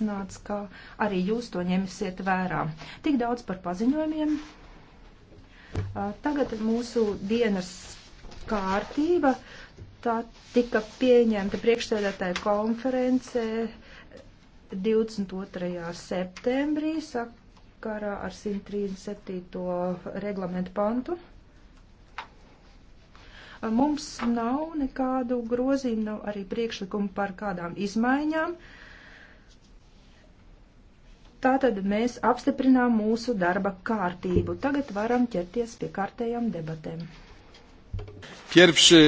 pārliecināts, ka arī jūs to ņemsiet vērā. Tik daudz par paziņojumiem. Tagad mūsu dienas kārtība. Tā tika pieņemta priekšsēdētāja konferencē 22. septembrī sakarā ar 137. reglamentu pantu. Mums nav nekādu grozījumu, nav arī priekšlikumu par kādām izmaiņām. Uh, Tātad mēs apstiprinām mūsu darba kārtību. Tagad varam ķerties pie kārtējām debatēm. Pierwszy